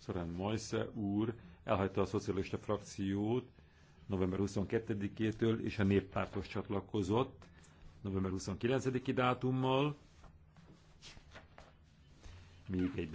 Szorán Majsze úr elhagyta a szocialista frakciót november 22-től, és a néppártos csatlakozott november 29-i dátummal. Még egy